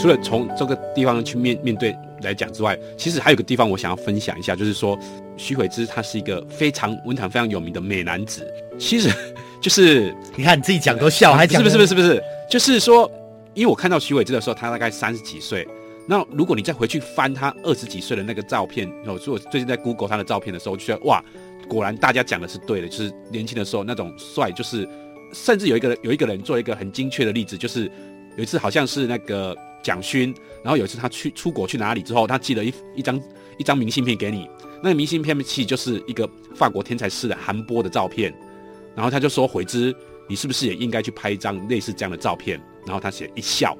除了從這個地方去面面對來講之外，其實還有一個地方我想要分享一下，就是說許悔之他是一個非常文壇非常有名的美男子。其實，就是你看你自己講都笑，還不是不是不是不是？就是說，因為我看到許悔之的時候，他大概三十幾歲。那如果你再回去翻他二十幾歲的那個照片，我我最近在 Google 他的照片的時候，我就覺得哇。果然，大家講的是對的，就是年輕的時候那種帥，就是甚至有一個有一個人做一個很精確的例子，就是有一次好像是那個蔣勳，然後有一次他去出國去哪裡之後，他寄了一一張一張明信片給你，那個明信片其實就是一個法國天才式的韓波的照片，然後他就說悔之，你是不是也應該去拍一張類似這樣的照片？然後他寫一笑，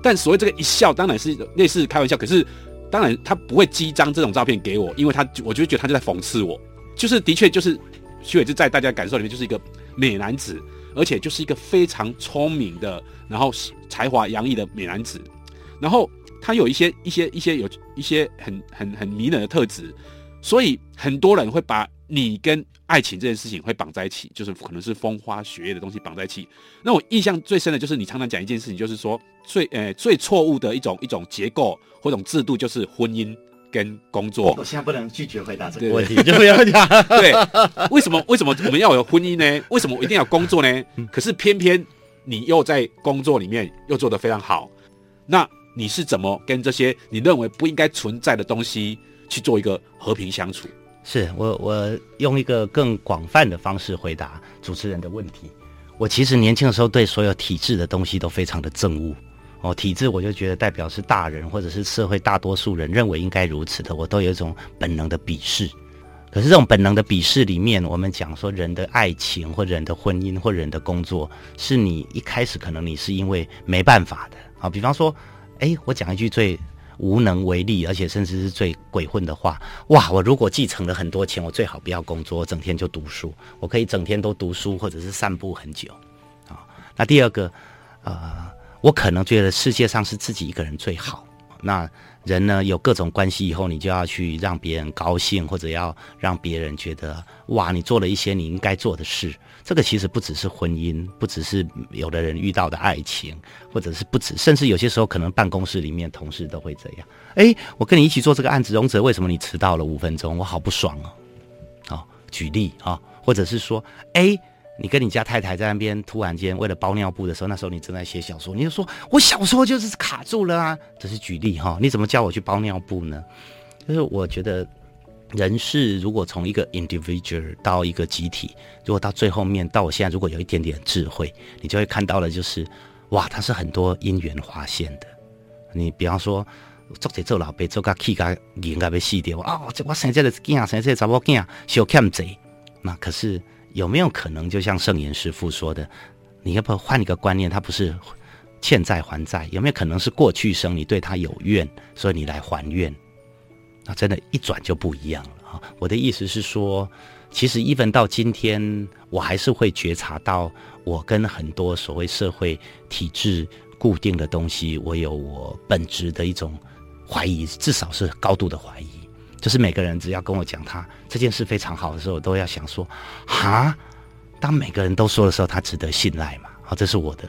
但所謂這個一笑，當然是類似開玩笑，可是當然他不會寄一張這種照片給我，因為他我就覺得他就在諷刺我。就是的確就是，悔之就在大家感受裡面就是一個美男子，而且就是一個非常聰明的，然後才華洋溢的美男子，然後他有一些一些一些有一些很很很迷人的特質，所以很多人會把你跟愛情這件事情會綁在一起，就是可能是風花雪月的東西綁在一起。那我印象最深的就是你常常講一件事情，就是說最呃、欸、最錯誤的一種一種結構或一種制度就是婚姻，跟工作，我現在不能拒絕回答這個問題。對， 就有對，為什麼為什麼我們要有婚姻呢？為什麼一定要工作呢？可是偏偏你又在工作裡面又做得非常好，那你是怎麼跟這些你認為不應該存在的東西去做一個和平相處？是我我用一個更廣泛的方式回答主持人的問題。我其實年輕的時候對所有體制的東西都非常的憎惡。哦，體制我就覺得代表是大人或者是社會大多數人認為應該如此的，我都有一種本能的鄙視。可是這種本能的鄙視裡面，我們講說人的愛情或人的婚姻或人的工作，是你一開始可能你是因為沒辦法的啊、哦。比方說，哎，我講一句最無能為力，而且甚至是最鬼混的話，哇！我如果繼承了很多錢，我最好不要工作，我整天就讀書，我可以整天都讀書或者是散步很久啊、哦。那第二個，呃。我可能覺得世界上是自己一個人最好。那人呢，有各種關係以後，你就要去讓別人高興，或者要讓別人覺得哇，你做了一些你應該做的事。這個其實不只是婚姻，不只是有的人遇到的愛情，或者是不止，甚至有些時候可能辦公室裡面同事都會這樣。哎，我跟你一起做這個案子，榮澤，為什麼你遲到了五分鐘？我好不爽、啊、哦。好，舉例啊、哦，或者是說，哎。你跟你家太太在那邊突然間為了包尿布的時候，那時候你正在寫小說，你就說：“我小說就是卡住了啊。”這是舉例哈。你怎麼叫我去包尿布呢？就是我覺得，人是如果從一個 individual 到一個集體，如果到最後面到我現在，如果有一點點智慧，你就會看到了，就是哇，它是很多因緣化現的。你比方說，做這做老輩做噶氣你應該被戲掉啊！這我現在是囝，現在查某囝小欠賊，那可是。有沒有可能，就像聖嚴師父說的，你要不換一個觀念，他不是欠債還債，有沒有可能是過去生你對他有怨，所以你來還願？那真的，一轉就不一樣了啊！我的意思是說，其實 even 到今天，我還是會覺察到，我跟很多所謂社會體制固定的東西，我有我本質的一種懷疑，至少是高度的懷疑。就是每個人只要跟我講他這件事非常好的時候，我都要想說，啊，當每個人都說的時候，他值得信賴嘛？啊、哦，這是我的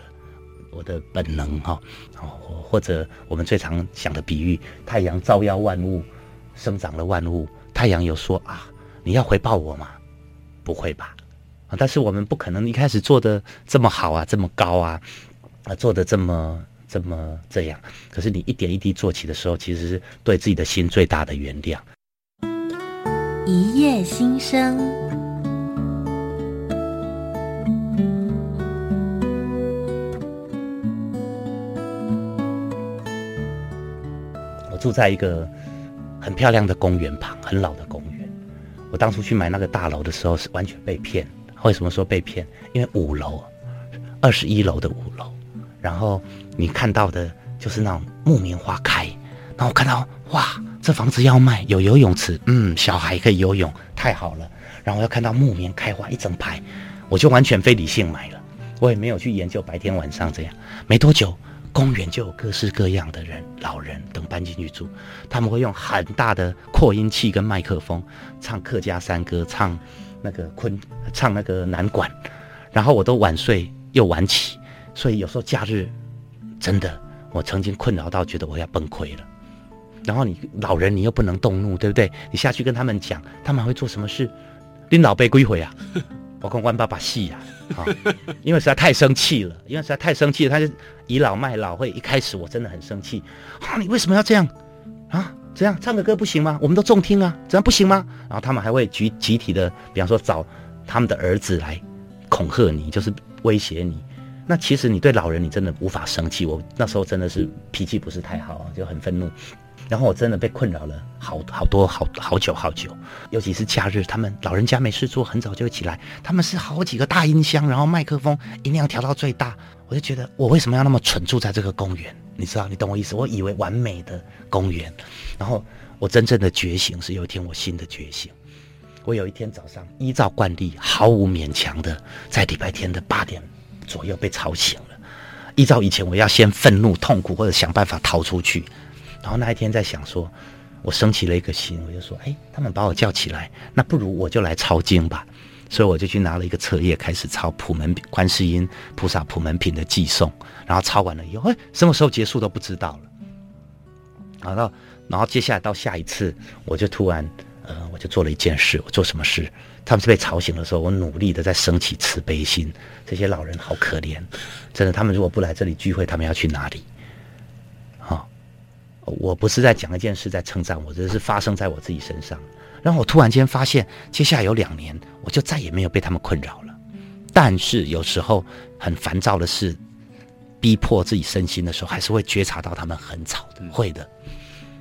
我的本能哈、哦。哦，或者我們最常想的比喻，太陽照耀萬物，生長了萬物。太陽有說啊，你要回報我嗎？不會吧。啊，但是我們不可能一開始做得這麼好啊，這麼高啊，啊，做得這麼這麼這樣。可是你一點一滴做起的時候，其實是對自己的心最大的原諒。一夜心生。我住在一個很漂亮的公園旁很老的公園。我當初去買那個大樓的時候，是完全被騙。為什麼說被騙？因為五樓，二十一樓的五樓，然後你看到的，就是那種木棉花開，然後我看到。哇，這房子要賣，有游泳池，嗯，小孩可以游泳，太好了。然後又看到木棉開花一整排，我就完全非理性買了，我也沒有去研究白天晚上這樣。沒多久，公園就有各式各樣的人，老人等搬進去住，他們會用很大的擴音器跟麥克風唱客家山歌，唱那個昆，唱那個南管，然後我都晚睡又晚起，所以有時候假日真的，我曾經困擾到覺得我要崩潰了。然後你老人你又不能動怒，對不對？你下去跟他們講，他們還會做什麼事？拎老輩歸回啊，包括關爸爸戲啊、哦，因為實在太生氣了，因為實在太生氣了，他就倚老賣老會。會一開始我真的很生氣啊、哦，你為什麼要這樣啊？這樣唱個歌不行嗎？我們都重聽啊，這樣不行嗎？然後他們還會集集體的，比方說找他們的兒子來恐嚇你，就是威脅你。那其實你對老人你真的無法生氣，我那時候真的是脾氣不是太好就很憤怒。然後我真的被困擾了好，好多好多好好久好久，尤其是假日，他們老人家沒事做，很早就起來，他們是好幾個大音箱，然後麥克風，音量調到最大，我就覺得我為什麼要那麼蠢，住在這個公園？你知道，你懂我意思？我以為完美的公園，然後我真正的覺醒是有一天我新的覺醒，我有一天早上依照慣例，毫無勉強的在禮拜天的八點左右被吵醒了，依照以前我要先憤怒、痛苦或者想辦法逃出去。然後那一天在想說，我升起了一個心，我就說，哎，他們把我叫起來，那不如我就來抄經吧。所以我就去拿了一個冊頁，開始抄普門觀世音菩薩普門品的偈頌。然後抄完了以後，哎，什麼時候結束都不知道了。然後，然後接下來到下一次，我就突然，呃，我就做了一件事，我做什麼事？他們是被吵醒的時候，我努力的在升起慈悲心。這些老人好可憐，真的，他們如果不來這裡聚會，他們要去哪裡？我不是在講一件事，在稱讚我，這是發生在我自己身上。然後我突然間發現，接下來有兩年，我就再也沒有被他們困擾了。但是有時候很煩躁的是，逼迫自己身心的時候，還是會覺察到他們很吵，會的。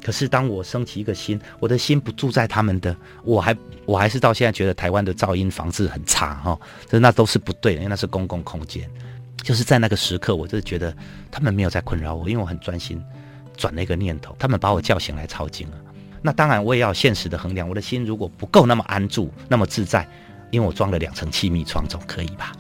可是當我升起一個心，我的心不住在他們的，我還我還是到現在覺得台灣的噪音防治很差哈，這，哦就是、那都是不對的，因為那是公共空間。就是在那個時刻，我就覺得他們沒有在困擾我，因為我很專心。轉了一個念頭，他們把我叫醒來抄經了。那當然，我也要現實的衡量。我的心如果不夠那麼安住，那麼自在，因為我裝了兩層氣密窗，總可以吧？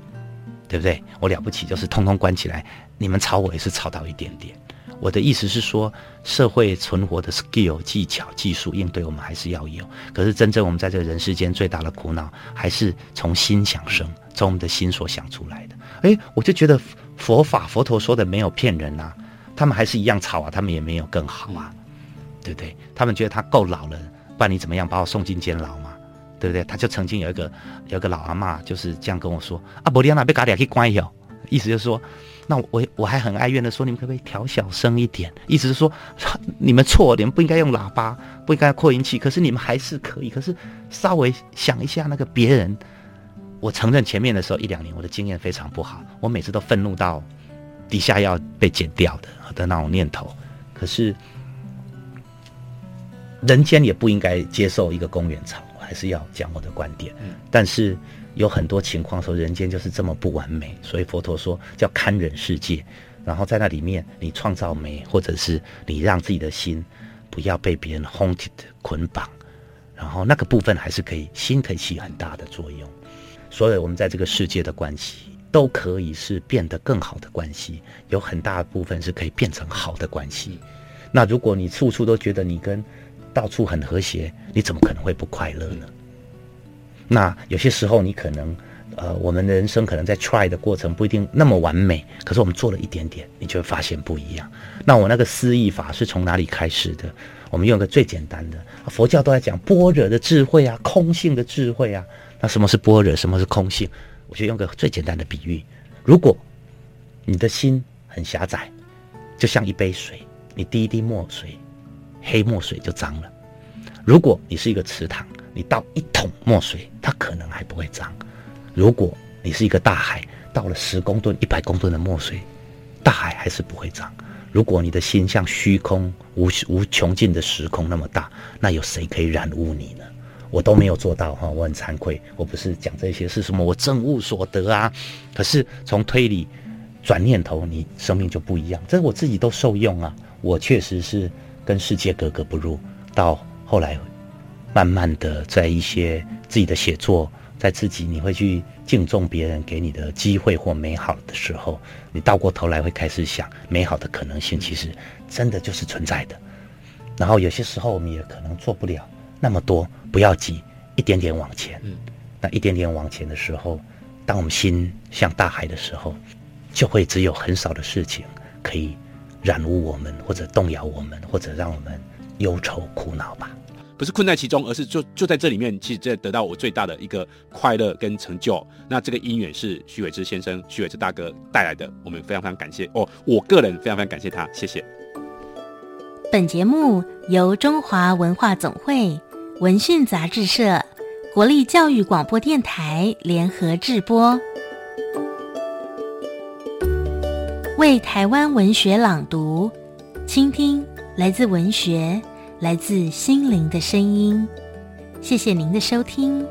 對不對？我了不起，就是通通關起來，你們吵，我也是吵到一點點。我的意思是說，社會存活的 skill 技巧技術應對，我們還是要有。可是，真正我們在這個人世間最大的苦惱，還是從心想生，從我們的心所想出來的。哎、欸，我就覺得佛法佛陀說的沒有騙人吶、啊。他們還是一樣吵啊，他們也沒有更好啊，嗯、對不對？他們覺得他夠老了，不然你怎麼樣，把我送進監牢嘛，對不對？他就曾經有一個，有一個老阿媽就是這樣跟我說：“啊，伯利安娜，被咖喱可以關掉。”意思就是說，那我我還很哀怨的說：“你們可不可以調小聲一點？”意思是說，你們錯了，你們不應該用喇叭，不應該擴音器，可是你們還是可以，可是稍微想一下那個別人。我承認前面的時候一兩年我的經驗非常不好，我每次都憤怒到。底下要被剪掉的的那種念頭，可是人間也不應該接受一個公園草，我還是要講我的觀點。嗯。但是有很多情況說，人間就是這麼不完美，所以佛陀說叫堪忍世界。然後在那裡面，你創造美，或者是你讓自己的心不要被別人 haunted 捆綁，然後那個部分還是可以心可以起很大的作用。所以我們在這個世界的關係。都可以是變得更好的關係，有很大部分是可以變成好的關係。那如果你處處都覺得你跟到處很和諧，你怎麼可能會不快樂呢？那有些時候你可能，呃，我們的人生可能在 try 的過程不一定那麼完美，可是我們做了一點點，你就會發現不一樣。那我那個思意法是從哪裡開始的？我們用個最簡單的，佛教都在講般若的智慧啊、空性的智慧啊。那什麼是般若？什麼是空性？我就用個最簡單的比喻，如果你的心很狹窄，就像一杯水，你滴一滴墨水，黑墨水就髒了；如果你是一個池塘，你倒一桶墨水，它可能還不會髒；如果你是一個大海，倒了十公噸、一百公噸的墨水，大海還是不會髒。如果你的心像虛空，無無窮盡的時空那麼大，那有誰可以染污你呢？我都沒有做到哈，我很慚愧。我不是講這些是什麼，我證悟所得啊。可是從推理轉念頭，你生命就不一樣，這我自己都受用啊。我確實是跟世界格格不入。到後來，慢慢的在一些自己的寫作，在自己你會去敬重別人給你的機會或美好的時候，你倒過頭來會開始想，美好的可能性其實真的就是存在的。然後有些時候我們也可能做不了那麼多，不要急，一點點往前、嗯。那一點點往前的時候，當我們心向大海的時候，就會只有很少的事情可以染污我們，或者動搖我們，或者讓我們憂愁苦惱吧。不是困在其中，而是就就在這裡面，其實這得到我最大的一個快樂跟成就。那這個因緣是許悔之先生、許悔之大哥帶來的，我們非常非常感謝哦。我個人非常非常感謝他，謝謝。本節目由中華文化總會。文訊雜誌社、國立教育廣播電臺聯合製播，為臺灣文學朗讀、傾聽來自文學、來自心靈的聲音。謝謝您的收聽。